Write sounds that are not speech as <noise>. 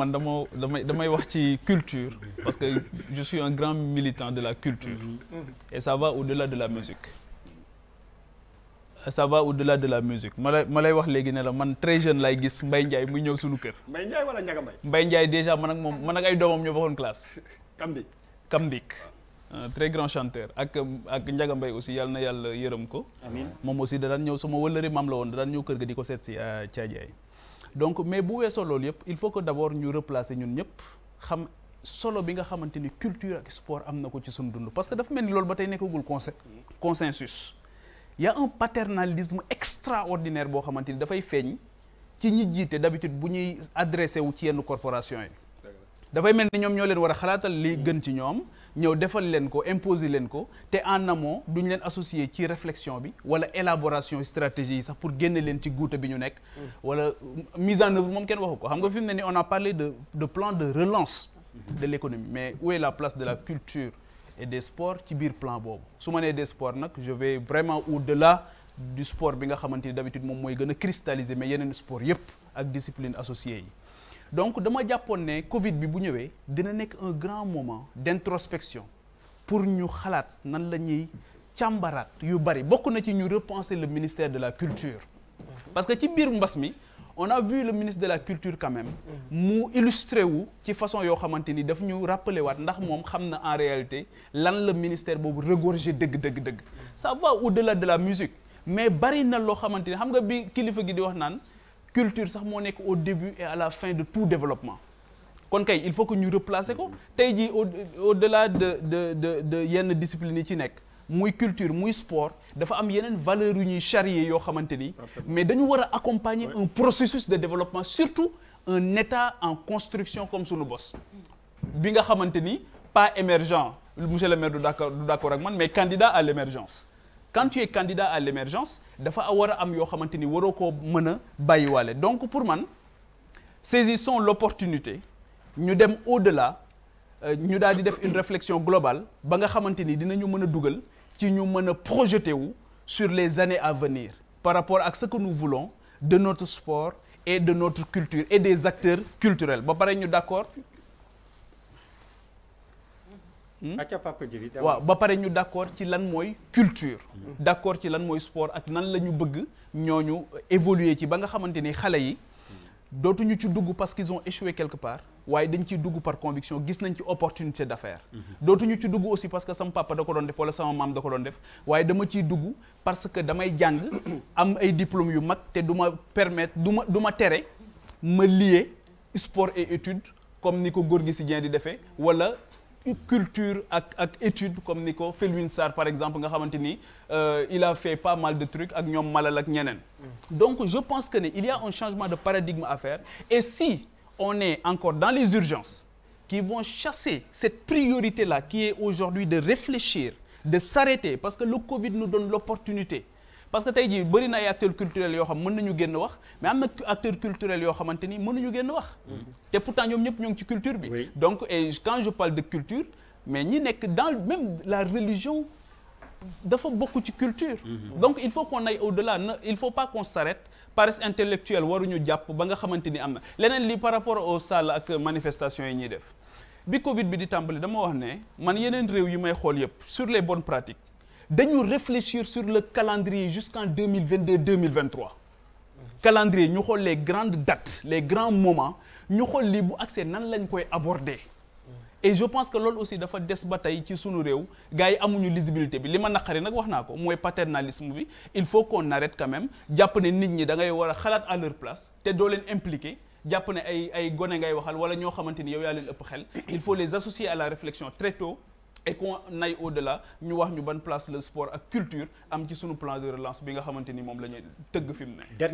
man dama damay damay wax ci culture parce que je suis un grand militant de la culture mm-hmm. et ça va au-delà de la musique ça va au-delà de la musique ma lay ma lay wax léegi ne la man très jeunes lay gis Mbaye Ndiaye muy ñëw suñu kër Mbaye Ndiaye wala Ndiaga Mbaye Mbaye Ndiaye déjà man ak moom man ak ay doomam ñoo bokkoon classe <laughs> Kambik Kambik un très grand chanteur ak ak Ndiaga Mbaye aussi yàlla na yàlla yërëm ko amiin moom aussi da daan ñëw sama wëllëri maam la woon da daan ñëw kër ga di ko seet si ah, Thiadiaye donc mais bu weesoo loolu yëpp il faut que d'abord ñu replacer ñun ñëpp xam solo bi nga xamante ni culture ak sport am na ko ci suñu dund parce que dafa mel ni loolu ba tey nekkagul consen consensus y a un paternalisme extraordinaire boo xamante ni dafay feeñ ci ñi jiite d'habitude bu ñuy adressé wu ci yenn corporation yi dafay mel ni ñoom ñoo leen war a xalaatal li gën ci ñoom ñëw defal leen ko imposer leen ko te en amont duñ leen associé ci réflexion bi wala élaboration stratégie yi sax pour génne leen ci guuta bi ñu nekk. Mm. wala mise en œuvre moom kenn waxu ko xam nga fi mu ne nii on a parlé de de plan de relance. de l'économie mais où est la place de la culture et des sports ci biir plan boobu su ma nee des sports nag je vais vraiment au-delà du sport bi nga xamante ni d'habitude moom mooy gën a cristalliser mais yeneen sport yépp ak discipline associée yi. donc dama jàppoon ne Covid bi bu ñëwee dina nekk un grand moment d'introspection pour ñu xalaat nan la ñuy càmbaraat yu bari bokk na ci ñu repenser le ministère de la culture. parce que ci biir mbas mi on a vu le ministre de la culture quand même. mu illustré wu ci façon yoo xamante ni daf ñu rappelé waat ndax moom xam na en réalité lan la ministère boobu regorgé dëgg dëgg dëgg. ça va au-delà de la musique mais bari na loo xamante ni xam nga bi kilifa gi di wax naan. culture sax moo nekk au début et à la fin de tout développement kon kay il faut que ñu replacer ko tey jii au au delà de de de de yenn discipline yi ci nekk muy culture muy sport dafa am yeneen valeur yu ñuy charrier yoo xamante ni mais dañu war a accompagner un processus de développement surtout un état en construction comme sunu bos bi nga xamante ni pas émergent monsieur le maire du d'accord du ak man mais candidat à l'émergence quand tu candidat à l'émergence dafa war a am yoo xamante ni waroo koo mën a bàyyiwaale donc pour man saisissons l'opportunité ñu dem au-delà euh, ñu daal di def une réflexion globale ba nga xamante ni dinañu mën a dugal ci ñu mën a projeter wu sur les années à venir par rapport ak ce que nous voulons de notre sport et de notre culture et des acteurs culturels ba pare ñu d'accord Hmm? waaw ba pare ñu d' accord ci lan mooy culture. Hmm. d' accord ci lan mooy sport ak nan la ñu bëgg ñooñu évoluer ci ba nga xamante ni xale yi hmm. dootuñu ci dugg parce qu'ils ont échoué quelque part waaye dañ ciy dugg par conviction gis nañ ci opportunité d' affaire. dootuñu ci dugg aussi parce que sama papa da ko doon def wala sama maam da ko doon def waaye dama ciy dugg parce que damay jàng <coughs> am ay diplôme yu mag te du ma permettre du ma du ma tere ma lier sport et étude comme ni ko góor gi si Dieng di defee wala. culture ak ak étude comme ni ko Felwine par exemple nga xamante ni euh, il a fait pas mal de trucs ak ñoom Malal ak ñeneen. Mm. donc je pense que ne il y a un changement de paradigme à faire et si on est encore dans les urgences qui vont chasser cette priorité là qui est aujourd'hui de réfléchir de s'arrêter parce que le Covid nous donne l'opportunité parce que tey jii bërina na ay acteurs culturels yoo xam mën nañu génn wax mais am na acteurs culturels yoo xamante ni nañu génn wax mm-hmm. te pourtant ñoom ñëpp ñu ngi ci culture bi donc et quand je de culture mais ñi nekk dans même la religion dafa bokk ci culture mm-hmm. donc il faut na aille au-delà il faut pas qu'on s'arrête paresse intellectuelle waruñu jàpp ba nga xamante ni am na leneen li par rapport aux salles ak manifestations yi ñuy def bi Covid bi di tàmbali dama wax ne man yeneen réew yi may xool yëpp sur les bonnes pratiques dañu réfléchir sur le calendrier jusqu'en 2022 2023 calendrier ñu xool les grandes dates les grands moments ñu xool lii bu accès nan lañ koy aborder et je pense que loolu aussi dafa des ba tey ci sunu réew gars yi amuñu lisibilité bi li ma naqari nag wax naa ko mooy paternalisme bi il faut qu'on arrête quand même jàpp ne nit ñi dangay ngay war a xalaat à leur place te doo leen impliqué jàpp ne ay ay gone ngay waxal wala ñoo xamante ni yow yaa leen ëpp xel il faut les associer la réflexion très et qu'on aille au-delà ñu wax ñu ban place le sport ak culture am ci sunu plan de relance bi nga xamante ni moom la tëgg fi mu ne